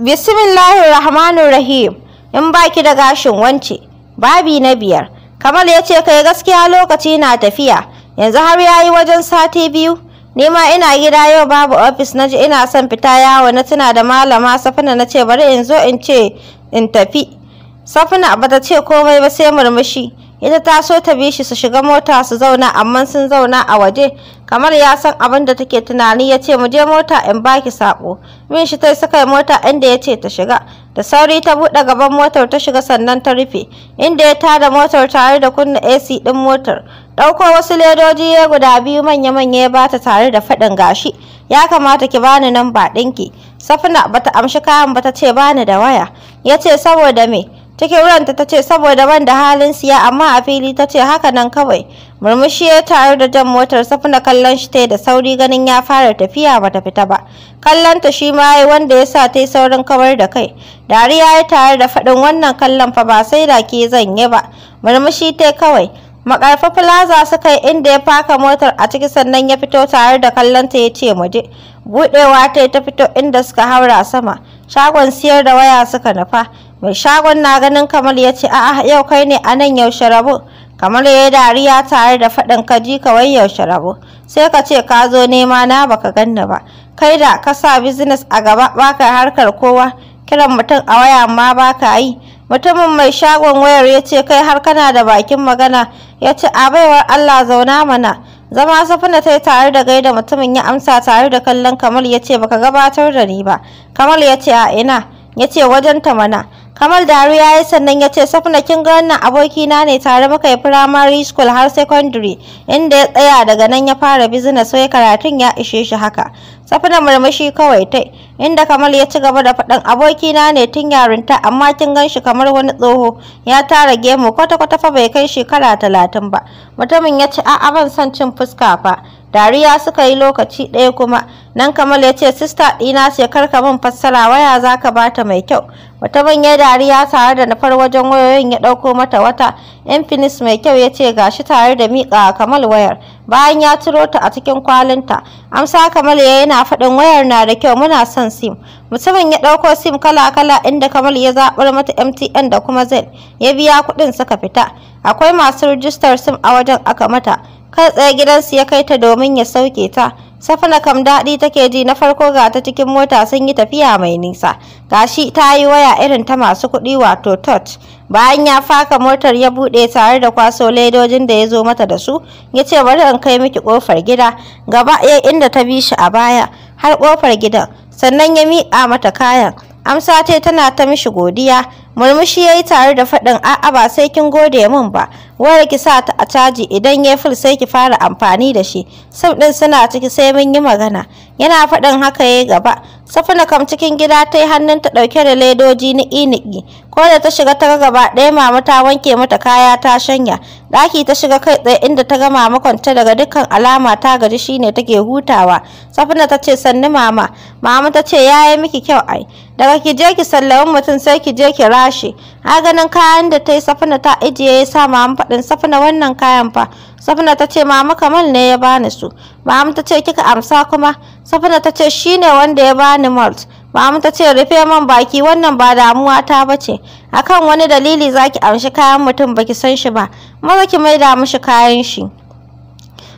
Bismillahir Rahmanir Rahim. In baki da gashin wance. Babi na biyar. Kamal ya ce kai gaskiya lokaci na tafiya. Yanzu har yayi wajen sati biyu. Nima ina gida yau babu ofis ji ina son fita yawo na tuna da malama Safina na ce bari in zo in ce in tafi. Safina bata ce komai ba sai murmushi. Ita ta so ta bi shi su shiga mota su zauna amma sun zauna a waje kamar ya san abin da take tunani ya ce mu je mota in baki sako min shi tai sakai mota inda ya ce ta shiga da sauri ta buɗe gaban motar ta shiga sannan ta rufe inda ya tada motar tare da kunna AC ɗin motar ɗauko wasu ledoji ya guda biyu manya-manya ya bata tare da faɗin gashi ya kamata ki bani namba ɗinki safina bata amshi kayan ba tace, ce bani da waya ya ce saboda me Cikin ranta ta ce saboda ban da halin siya amma a fili ta ce haka nan kawai. Murmushi ya taru da jan motar safuna kallon shi ta da sauri ganin ya fara tafiya ba ta fita ba. Kallon ta shi ma yi wanda ya sa ta yi saurin kawar da kai. Dariya ya tare da faɗin wannan kallon fa ba sai da ke zanye ba. Murmushi ta kawai. makarfa plaza suka yi inda ya faka motar a ciki sannan ya fito tare da kallonta ya ce muje Buɗewa ta ta fito inda suka haura sama shagon siyar da waya suka nufa mai shagon na ganin kamar ya ce a'a yau kai ne a nan yaushe rabu kamar ya yi dariya tare da faɗin kaji, kawai yaushe rabu sai ka ce ka zo nema na baka ganni ba kai da ka sa business a gaba baka harkar kowa kiran mutum a waya ma baka yi mutumin mai shagon wayar ya ce kai har kana da bakin magana ya ce a baiwar allah zauna mana zama safina ta yi tare da gaida mutumin ya amsa tare da kallon kamal ya ce baka gabatar da ni ba kamal ya ce a ina ya ce wajen ta mana Kamal Dariya ya sannan ya ce Safna kin ga wannan abokina ne tare muka yi primary school har secondary inda ya tsaya daga nan ya fara business sai karatun ya ishe shi haka. Safna murmushi kawai tai inda Kamal ya ci gaba da faɗan, abokina ne tun yarinta amma kin gan shi kamar wani tsoho ya tara gemu kwata kwata fa bai kai shekara talatin ba. Mutumin ya ce a'a ban son cin fuska fa. Dariya suka yi lokaci ɗaya kuma nan Kamal ya ce sista ɗina shekar ka min fassara waya zaka bata mai kyau. wata manyan dariya tare da nufar wajen wayoyin ya ɗauko mata wata infinis mai kyau ya ce ga shi tare da miƙa kamal wayar bayan ya ciro ta a cikin kwalinta amsa kamal ya yana faɗin wayar na da kyau muna son sim mutumin ya ɗauko sim kala kala inda kamal ya zaɓar mata mtn da kuma zen ya biya kuɗin suka fita akwai masu rijistar sim a wajen aka mata kai tsaye gidansu ya kai ta domin ya sauke ta Safina kam daɗi take ji na farko ga ta cikin mota sun yi tafiya mai nisa. Gashi ta yi waya irin ta masu kuɗi wato tot. Bayan ya faka motar ya buɗe tare da kwaso ledojin da ya zo mata da su, ya ce bari in kai miki ƙofar gida, gaba ɗaya inda ta bi shi a baya, har ƙofar gidan, sannan ya miƙa mata kayan. amsa ce tana ta mishi godiya murmushi yayi tare da faɗin a'a ba sai kin gode min ba wai ki sa ta a caji idan ya fil sai ki fara amfani da shi sab din suna ciki sai mun yi magana yana faɗin haka yayi gaba safina kam cikin gida ta yi ta ɗauke da ledoji niƙi-niƙi ko da ta shiga ta gaba ɗaya mama ta wanke mata kaya ta shanya daki ta shiga kai tsaye inda ta gama makwanta daga dukkan alama ta gaji shine take hutawa. Safina ta ce sannu mama, mama ta ce "Yayi miki kyau ai. Daga ki je ki sallami mutum sai ki je ki rashi." A ganin kayan da ta yi Safina ta ijiye ya sa mama faɗin Safina wannan kayan fa. Safina ta ce mama Kamal ne ya bani su. Mama ta ce kika amsa kuma. Safina ta ce shine wanda ya bani malt. Mamu ta ce rufe man baki wannan ba damuwa ta bace. Akan wani dalili zaki amshi kayan mutum baki san shi ba. Maza ki maida mishi kayan shi.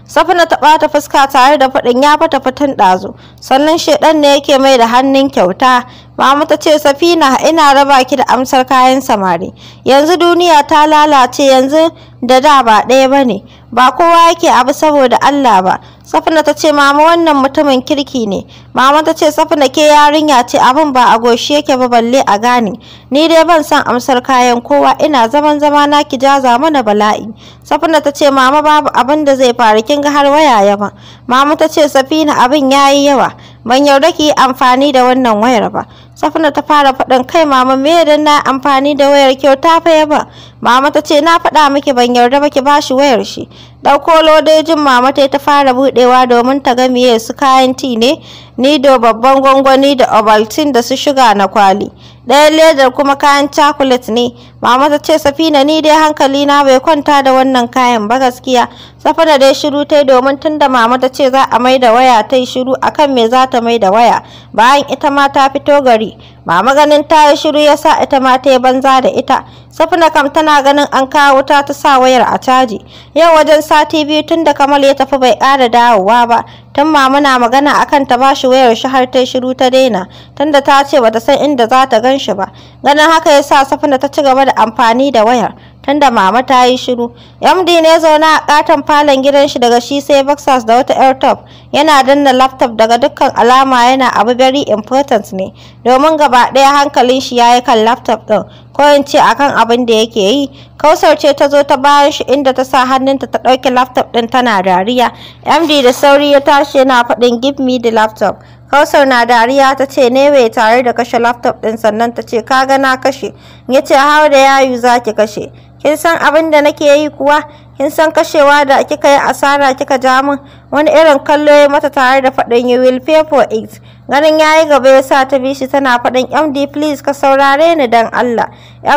Safina ta ɓata fuska tare da faɗin ya fata fatan ɗazu. Sannan shedan ne yake mai da hannun kyauta. Mamu ta ce Safina ina raba ki da amsar kayan samari. Yanzu duniya ta lalace yanzu da da ba ɗaya bane. ba kowa yake abu saboda Allah ba Safina ta ce mama wannan mutumin kirki ne mama ta ce Safina ke yarinya ce abin ba a goshi yake ba balle a gane ni dai ban san amsar kayan kowa ina zaman zama na ki jaza mana bala'i Safina ta ce mama babu abin da zai faru kin har waya ba. mama ta ce Safina abin yayi yawa ban yarda ki yi amfani da wannan wayar ba Safina ta fara faɗin kai mama me dan na amfani da wayar kyauta fa ba? mama ta ce na faɗa miki ban yarda ba ki bashi wayar shi ɗauko lodojin mama ta ta fara buɗewa domin ta ga miye su kayan ti ne nido babban gwangwani da obaltin da su shiga na kwali ɗaya ledar kuma kayan cakulet ne mama ta ce safina ni dai hankali na bai kwanta da wannan kayan ba gaskiya safina dai shiru ta yi domin tunda mama ta ce za a mai da waya ta yi shiru akan me za ta mai da waya bayan ita ma ta fito gari Mama ganin ta yi shiru ya sa ita ma ta yi banza da ita. Safina kam tana ganin an kawo wuta ta sa wayar a caji. Yau wajen sati biyu tun da Kamal ya tafi bai ƙara dawowa ba. Tun mama na magana akan ta bashi wayar shi har ta shiru ta daina. Tunda ta ce bata san inda za ta gan shi ba. Ganin haka ya sa Safina ta ci gaba da amfani da wayar. tunda mama ta yi shiru. MD ne zaune a katon falon gidan shi daga shi sai boxers da wata airtop. Yana danna laptop daga dukkan alama yana abu very important ne. Domin gaba ɗaya hankalin shi ya yi kan laptop ɗin. ko in ce akan abin da yake yi kausar ce ta zo ta bayan shi inda ta sa hannunta ta ɗauki laptop ɗin tana dariya md da sauri ya tashi yana faɗin give me the laptop kausar na dariya ta ce ne bai tare da kashe laptop ɗin sannan ta ce kaga na kashe ya ce how da yayu za ki kashe kin san abin da nake yi kuwa in san kashewa da kika yi asara kika ja min wani irin kallo ya mata tare da faɗin you will pay for it ganin ya yi gaba ya sa ta bi shi tana faɗin md please ka saurare ni don allah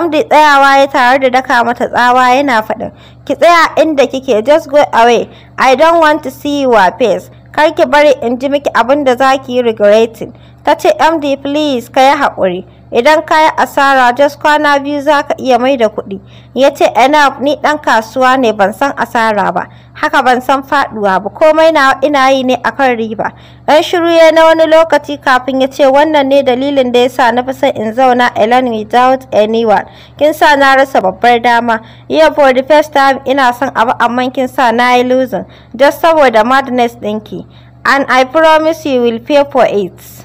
md tsayawa ya tare da daka mata tsawa yana faɗin ki tsaya inda kike just go away i don't want to see your face kar ki bari in ji miki abin da za ki yi regretting ta ce md please ka yi haƙuri idan ka asara just kwana biyu za ka iya mai da kuɗi ya ce enough ni ɗan kasuwa ne ban san asara ba haka ban san faɗuwa ba komai na ina yi ne akan riba ɗan shiru ya na wani lokaci kafin ya ce wannan ne dalilin da ya sa na fi son in zauna alone without anyone kin sa na rasa babbar dama yeah for the first time ina son abu amma kin sa na yi losing just saboda madness ɗinki and I promise you will pay for it.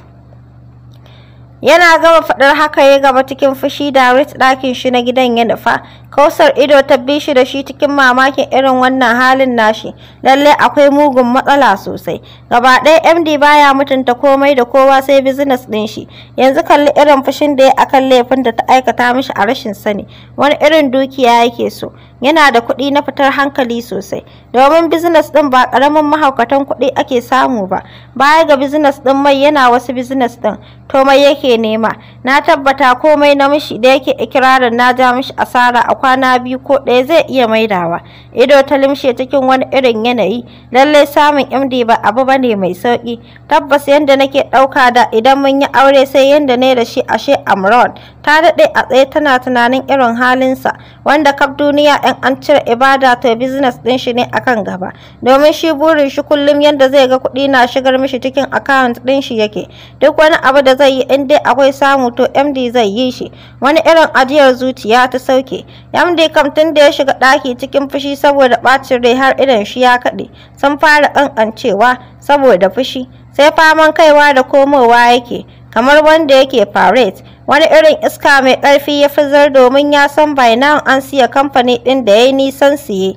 Yana gama faɗar haka ya gaba cikin fushi da ɗakin shi na gidan ya nufa. Kausar ido ta bi shi da shi cikin mamakin irin wannan halin nashi. Lallai akwai mugun matsala sosai. Gaba ɗaya MD baya mutunta komai da kowa sai business ɗin shi. Yanzu kalli irin fushin da ya akan laifin da ta aikata mishi a rashin sani. Wani irin dukiya yake so. Yana da kuɗi na fitar hankali sosai. Domin business ɗin ba ƙaramin mahaukatan kuɗi ake samu ba. Baya ga business ɗin mai yana wasu business ɗin. To mai yake yake nema na tabbata komai na mishi da yake ikirarin na ja mishi asara a kwana biyu ko ɗaya zai iya maidawa ido ta limshe cikin wani irin yanayi lallai samun md ba abu ba ne mai sauki tabbas yadda nake ɗauka da idan mun yi aure sai yadda ne da shi ashe amron ta daɗe a tsaye tana tunanin irin halinsa wanda kaf duniya 'yan an cire ibada ta business ɗin shi ne akan gaba domin shi burin shi kullum yadda zai ga kuɗi na shigar mishi cikin akawunt ɗin shi yake duk wani abu da zai yi in dai akwai samu to MD zai yi shi wani irin ajiyar zuciya ta sauke MD kam tun da ya shiga ɗaki cikin fushi saboda ɓacin rai har idan shi ya kaɗe sun fara ƙanƙancewa saboda fushi sai faman kaiwa da komowa yake kamar wanda yake parade wani irin iska mai ƙarfi ya fizar domin ya san by now an siya kamfani ɗin da ya nisan siye.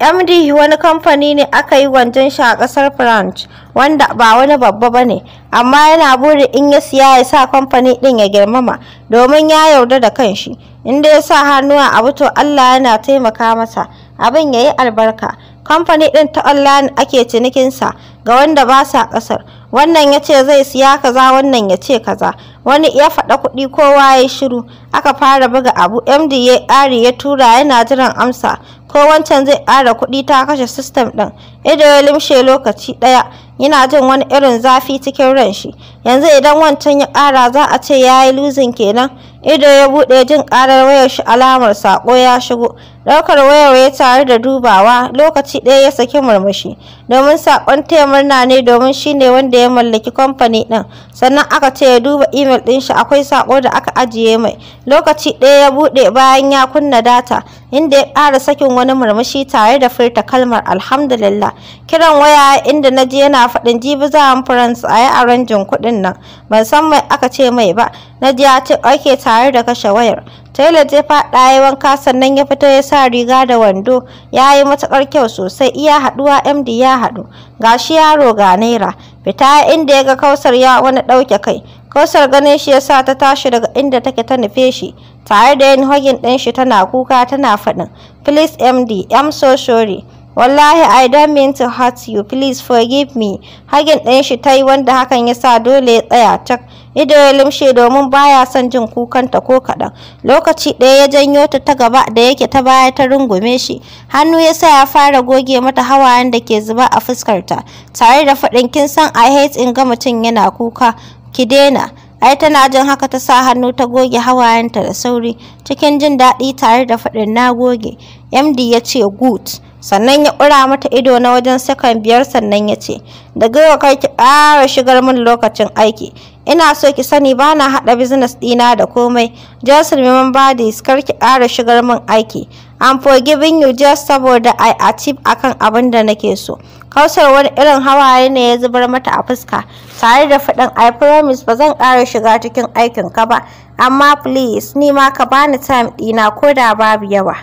MD wani kamfani ne aka yi gwanjin shi a ƙasar France wanda ba wani babba ba ne, amma yana buri in ya siya ya sa kamfani ɗin ya girmama domin ya yarda da kanshi. Inda ya sa hannuwa a abu Allah yana taimaka masa, abin ya yi albarka. Kamfani ɗin ta online ake cinikinsa ga wanda ba sa ƙasar. Wannan ya ce zai siya kaza, wannan ya ce kaza. wani ya faɗa kuɗi kowa ya shiru aka fara buga abu md ya ƙari ya tura yana jiran amsa ko wancan zai ƙara kuɗi ta kashe sistem ɗin ido ya limshe lokaci ɗaya yana jin wani irin zafi cikin ran shi yanzu idan wancan ya ƙara za a ce ya yi luzin kenan ido ya buɗe jin ƙarar wayar shi alamar saƙo ya shigo ɗaukar wayar ya tare da dubawa lokaci ɗaya ya saki murmushi domin saƙon taya murna ne domin shi ne wanda ya mallaki kamfani ɗin sannan aka ce ya duba imel ɗin shi akwai saƙo da aka ajiye mai lokaci ɗaya ya buɗe bayan ya kunna data inda ya ƙara sakin wani murmushi tare da furta kalmar alhamdulillah kiran waya inda na ji yana faɗin jibi za a france a yi aranjin kuɗin nan ban san mai aka ce mai ba na ji ya ce ake tare da kashe wayar taylor zai faɗa ya wanka sannan ya fito ya sa riga da wando ya yi matuƙar kyau sosai iya haɗuwa md ya haɗu gashi yaro ga naira fita inda ya ga kausar ya wani ɗauke kai Kosar ganin shi ya sa ta tashi daga inda take ta nufe shi, tare da yin hagin ɗin shi tana kuka tana faɗin, Please MD, I'm so sorry. Wallahi, I don't mean to hurt you. Please forgive me. Hagin ɗin shi ta yi wanda hakan ya sa dole ya tsaya cak. Ido ya limshe domin baya son jin kukanta ko kaɗan. Lokaci ɗaya ya janyo ta ta gaba da yake ta baya ta rungume shi. Hannu ya sa ya fara goge mata hawayen da ke zuba a fuskarta. Tare da faɗin kin san I hate in ga mutum yana kuka. ki daina ai tana jin haka ta sa hannu ta goge hawayenta da sauri cikin jin daɗi tare da faɗin na goge md ya ce good sannan ya ƙura mata ido na wajen sakan biyar sannan ya ce daga yau kai ki ƙara shigar min lokacin aiki ina so ki sani ba na haɗa business ɗina da komai just remember bodies kar ki ƙara shigar min aiki I'm forgiving you just saboda I achieve akan abin da nake so kausar wani irin hawaye ne ya zubar mata a fuska tare da faɗin I promise ba zan ƙara shiga cikin aikin ka ba amma please ni ma ka bani time ɗina ko da babu yawa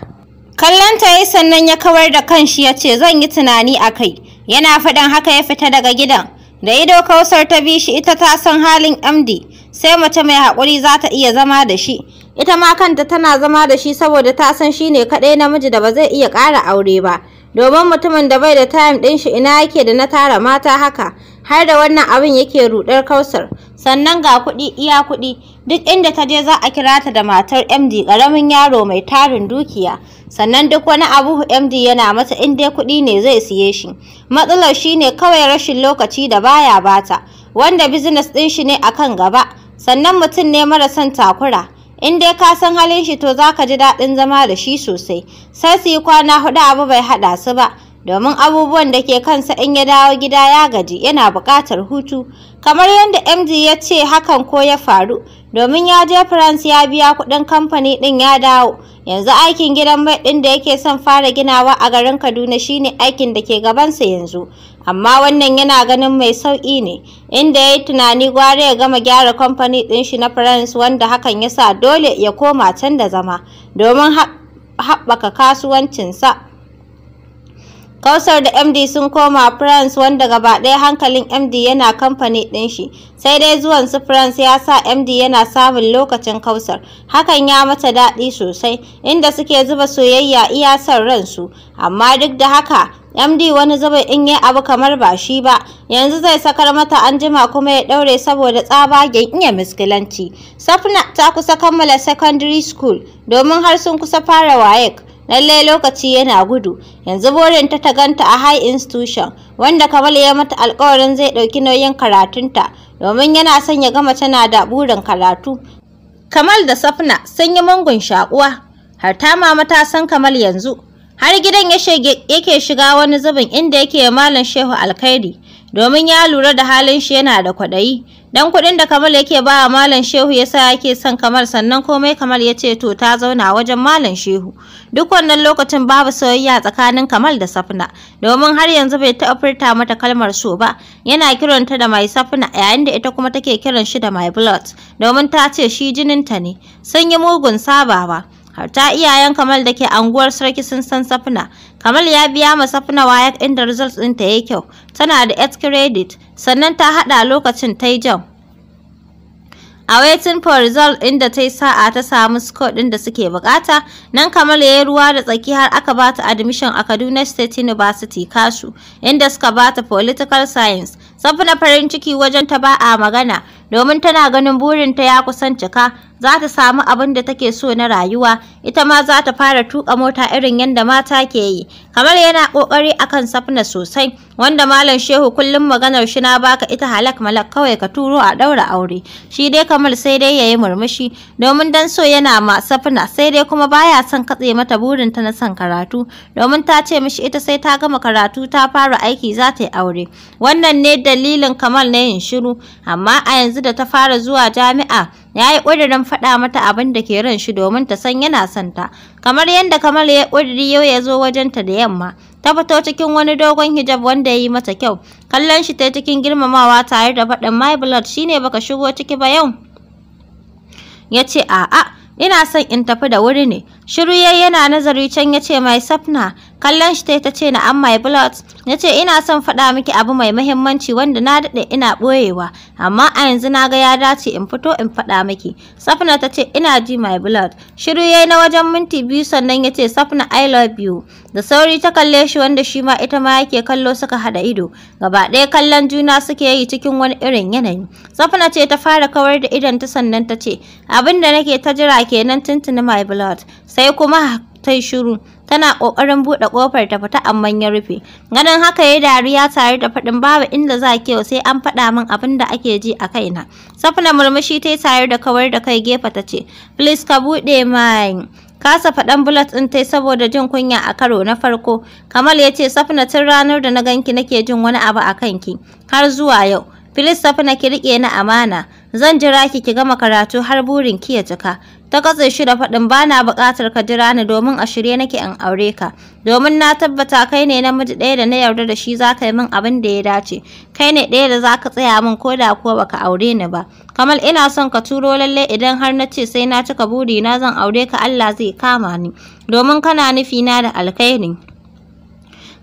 kallon ta yi sannan ya kawar da kanshi ya ce zan yi tunani a kai yana faɗin haka ya fita daga gidan da ido kausar ta bi shi ita ta san halin md sai mace mai haƙuri za ta iya zama da shi ita ma kanta tana zama da shi saboda ta san shi ne kaɗai namiji da ba zai iya ƙara aure ba domin mutumin da bai da time ɗin shi ina yake da na tara mata haka har da wannan abin yake rudar kausar sannan ga kuɗi iya kuɗi duk inda ta je za a kira ta da matar md ƙaramin yaro mai tarin dukiya sannan duk wani abu md yana mata in dai kuɗi ne zai siye shi matsalar shine kawai rashin lokaci da baya bata wanda bizines ɗin shi ne akan gaba sannan mutum ne mara son takura in dai ka san halin shi to zaka ji daɗin zama da shi sosai sai su yi kwana hudu abu bai haɗa su ba domin abubuwan da ke kansa in ya dawo gida ya gaji yana buƙatar hutu kamar yadda mg ya ce hakan ko ya faru domin ya je france ya biya kuɗin kamfani ɗin ya dawo yanzu aikin gidan mai ɗin da yake son fara ginawa a garin kaduna shine aikin da ke gabansa yanzu amma wannan yana ganin mai sauƙi ne inda ya yi tunani gware ya gama gyara kamfani ɗin shi na france wanda hakan ya sa dole ya koma can da zama domin haɓaka kasuwancinsa Kausar da MD sun koma France wanda gaba ɗaya hankalin MD yana kamfani ɗin shi. Sai dai zuwan su France ya sa MD yana samun lokacin Kausar. Hakan ya mata daɗi sosai, inda suke zuba soyayya iya son ransu. Amma duk da haka, MD wani zuba in yi abu kamar ba shi ba, yanzu zai sakar mata anjima kuma ya ɗaure saboda tsabagen iya miskilanci. Safna ta kusa kammala secondary school domin har sun kusa fara WAEC. lallai lokaci yana gudu yanzu burinta ta ganta a high institution wanda kamal ya mata alkawarin zai ɗauki nauyin karatunta domin yana son ya gama tana da burin karatu kamal da safna sun yi mungun shakuwa har ta mama ta san kamal yanzu har gidan yake shiga wani zubin inda yake malam shehu alkhairi domin ya lura da halin shi yana da kwaɗayi. Dan kuɗin da Kamal yake ba wa Malam Shehu yasa yake son Kamal sannan komai Kamal ya ce to ta zauna wajen Malam Shehu. Duk wannan lokacin babu soyayya tsakanin Kamal da Safna domin har yanzu bai taɓa furta mata kalmar so ba. Yana kiranta da mai Safna yayin da ita kuma take kiran shi da mai blood domin ta ce shi jinin ta ne. Sun yi mugun sabawa. Har ta iyayen Kamal da ke anguwar sarki sun san Safna Kamal ya biya ma Safna wayar inda results ɗinta ya kyau. Tana da x credit, sannan ta haɗa lokacin ta yi jam. A waiting for result inda ta yi sa'a ta samu score ɗin da suke bukata, nan Kamal ya yi ruwa da tsaki har aka ba ta admission a Kaduna State University kasu inda suka ba ta political science. Safna farin ciki wajen ta ba a magana, domin tana ganin burinta ya kusan cika za ta samu abin da take so na rayuwa ita ma za ta fara tuka mota irin yadda mata ke yi kamar yana kokari akan safna sosai wanda malam shehu kullum maganar shi na baka ita halak malak kawai ka turo a daura aure shi dai kamar sai dai yayi murmushi domin dan so yana ma safna sai dai kuma baya son katse mata burinta na son karatu domin ta ce mishi ita sai ta gama karatu ta fara aiki za ta yi aure wannan ne dalilin kamal na yin shiru amma a yanzu yanzu da ta fara zuwa jami'a ya yi ƙudurin faɗa mata abin da ke ran shi domin ta san yana son ta kamar yadda kamar ya ƙudiri yau ya zo wajen ta da yamma ta fito cikin wani dogon hijab wanda ya yi mata kyau kallon shi ta cikin girmamawa tare da faɗin my blood shine baka shigo ciki ba yau ya ce a'a ina son in tafi da wuri ne Shiru yana nazari can ya ce mai safna kallon shi ta ce na amma my blood ya ce ina son faɗa miki abu mai mahimmanci wanda na daɗe ina ɓoyewa amma a yanzu na ga ya dace in fito in faɗa miki safna ta ce ina ji my blood shiru na wajen minti biyu sannan ya ce safna i love you da sauri ta kalle shi wanda shi ma ita ma yake kallo suka haɗa ido gaba ɗaya kallon juna suke yi cikin wani irin yanayi safna ce ta fara kawar da idon ta sannan ta ce abin da nake ta jira kenan tuntuni my blood sai sai kuma ta shiru tana ƙoƙarin buɗe ƙofar ta fita amma ya rufe ganin haka ya dariya tare da faɗin babu inda za ke sai an faɗa min abin da ake ji a kaina safna murmushi ta yi tare da kawar da kai gefe ta ce please ka buɗe mai kasa faɗan bullet ɗin tai saboda jin kunya a karo na farko kamal ya ce safna tun ranar da na ganki nake jin wani abu a kanki har zuwa yau Filis Safina ki riƙe na amana, zan jira ki ki gama karatu har burin ki ya cika. ta katse shi da faɗin ba na buƙatar ka jira ni domin a shirye nake in aure ka domin na tabbata kai ne namiji ɗaya da na yarda da shi za ka yi min abin da ya dace kai ne ɗaya da za ka tsaya min ko da kuwa baka aure ni ba kamar ina son ka turo lallai idan har na ce sai na cika na zan aure ka Allah zai kama ni domin kana nufi na da alkhairi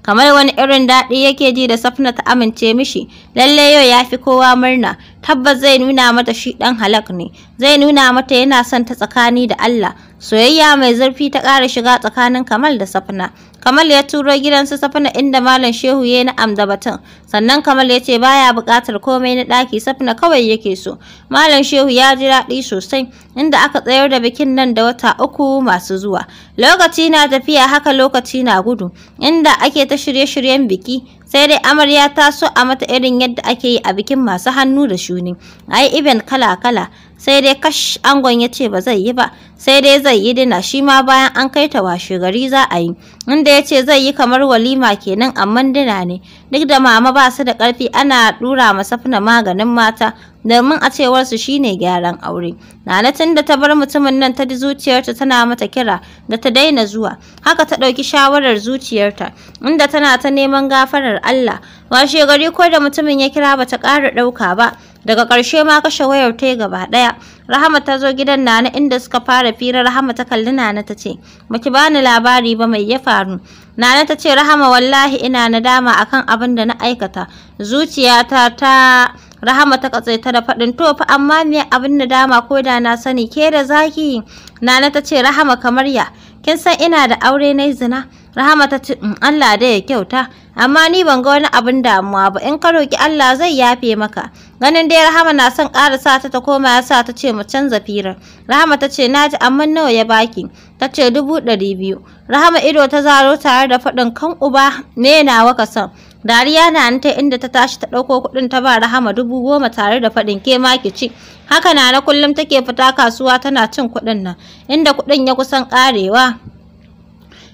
kamar wani irin daɗi yake ji da Safna ta amince mishi lalle yau ya fi kowa murna tabbas zai nuna mata shi ɗan halak ne zai nuna mata yana son ta tsakani da Allah soyayya mai zurfi ta ƙara shiga tsakanin Kamal da Safna Kamal ya turo gidansu Safina inda Malam Shehu ya na'am da batun. Sannan Kamal ya ce baya buƙatar komai na ɗaki Safina kawai yake so. Malam Shehu ya ji daɗi sosai inda aka tsayar da bikin nan da wata uku masu zuwa. Lokaci na tafiya haka lokaci na gudu inda ake ta shirye-shiryen biki sai dai amarya ta so a mata irin yadda ake yi a bikin masu hannu da shuni. Ai event kala-kala sai dai kash angon ya ce ba zai yi ba sai dai zai yi dina shi ma bayan an kai ta washe gari za a yi inda ya ce zai yi kamar walima kenan amman dina ne duk da mama ba su da karfi, ana ɗura ma safna maganin mata domin a cewarsu shine gyaran aure nana tun da ta bar mutumin nan ta di zuciyarta tana mata kira da ta daina zuwa haka ta ɗauki shawarar zuciyarta inda tana ta neman gafarar Allah washe gari ko da mutumin ya kira ba ta ƙara ɗauka ba daga ƙarshe ma kashe wayar ta gaba ɗaya rahama ta zo gidan nana inda suka fara firar. rahama ta kalli nana ta ce baki bani labari ba mai ya faru nana ta ce rahama wallahi ina nadama akan abin da na aikata zuciyata ta rahama ta katse da faɗin to fa amma me abin nadama ko da na sani ke da zaki nana ta ce rahama kamar ya kin san ina da aure na zina rahama ta ce mm, Allah da ya kyauta amma ni ban ga wani abin damuwa ba in ka roki Allah zai yafe maka ganin dai rahama na son sa ta ta koma ya sa ta ce mu canza firar rahama ta ce naji amma nawa ya baki ta ce dubu ɗari biyu rahama ido ta zaro tare da faɗin kan uba ne na waka son? dariya na ta inda ta tashi ta ɗauko kuɗin ta ba rahama dubu goma tare da faɗin ke ma ki ci haka na na kullum take fita kasuwa tana cin kuɗin nan inda kuɗin ya kusan ƙarewa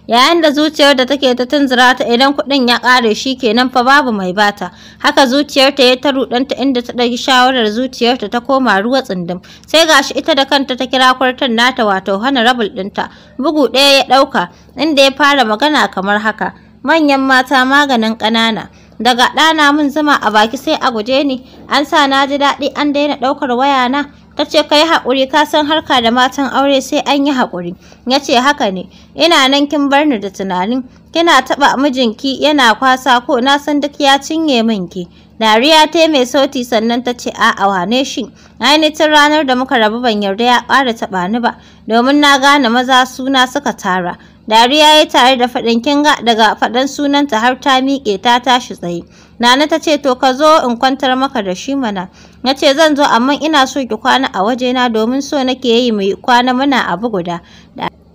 yayin da zuciyar da take ta tunzura ta idan kuɗin ya ƙare shi kenan fa babu mai bata haka zuciyarta ya ta rudanta inda ta ɗauki shawarar zuciyarta ta koma ruwa tsindim sai gashi ita da kanta ta kira kwartar nata wato hana rabul ɗinta bugu ɗaya ya ɗauka inda ya fara magana kamar haka manyan mata maganin ƙanana daga ɗana mun zama a baki sai a guje ni an sa na ji daɗi an daina ɗaukar wayana Ta ce ka yi haƙuri ka san harka da matan aure sai an yi haƙuri. Ya ce haka ne, ina nan kin bar ni da tunanin, kina taɓa mijinki yana kwasa ko na san duk ya cinye min ki. Dariya ta mai sauti sannan ta ce a'a wane shi, ainihin ranar da muka rabu ban yarda ya ƙara taɓa ni ba, domin na gane maza suna suka tara. Dariya ya tare da faɗin kinga daga faɗan sunanta har ta miƙe ta tashi tsaye. Nana ta ce to ka zo in kwantar maka da shi mana. Na ce zan zo amma ina so ki kwana a wajena domin so nake yi mai kwana muna abu guda.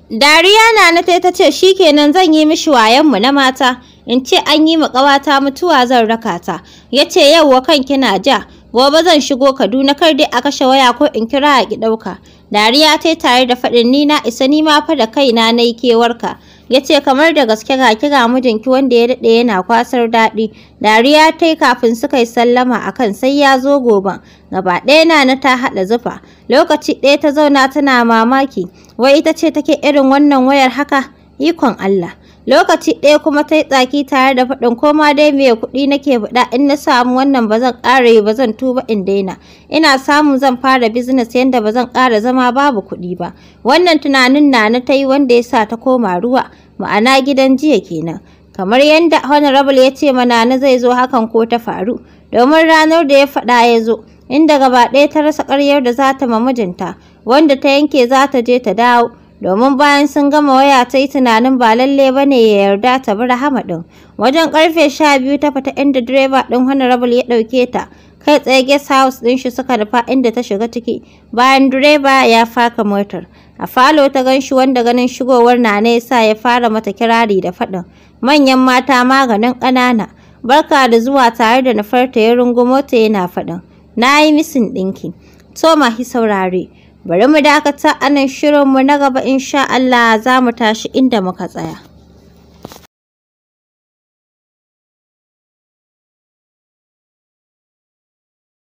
Dariya na na ta ce shi kenan zan yi mishi wayanmu na mata. In ce an yi ƙawata mutuwa zan raka ta. Ya ce yauwa kan kina ja. Gobe zan shigo Kaduna kar dai a kashe waya ko in kira a ki ɗauka. Dariya ta tare da faɗin ni na isa ni ma fa da kaina na yi kewarka. ya ce kamar da gaske ga kiga mijinki wanda ya daɗe yana kwasar daɗi dariya ta yi kafin suka yi sallama a kan sai ya zo goben gaba ɗaya na na ta haɗa zufa lokaci ɗaya ta zauna tana mamaki wai ita ce take irin wannan wayar haka ikon Allah lokaci ɗaya kuma ta yi tsaki tare da faɗin koma dai mai kuɗi nake buɗa in na samu wannan ba zan ƙara yi ba zan tuba in daina ina samu zan fara bizines yadda ba zan ƙara zama babu kuɗi ba wannan tunanin na na ta yi wanda ya sa ta koma ruwa ma'ana gidan jiya kenan kamar yadda honorable ya ce mana na zai zo hakan ko ta faru domin ranar da ya faɗa ya zo inda gaba ɗaya ta rasa ƙaryar da za ta ma mijinta wanda ta yanke za ta je ta dawo domin bayan sun gama waya ta yi tunanin ba lalle ba ne ya yarda ta bi rahama ɗin wajen ƙarfe sha biyu ta fita inda direba ɗin honorable ya ɗauke ta kai tsaye guest house ɗin shi suka rufa inda ta shiga ciki bayan direba ya faka motar a falo ta gan shi wanda ganin shigowar na sa ya fara mata kirari da faɗin manyan mata maganin ƙanana barka da zuwa tare da nufarta ya rungumo ta yana faɗin na yi misin ɗinki ma hi saurare Bari mu dakata anan shirinmu na gaba insha Allah za mu tashi inda muka tsaya.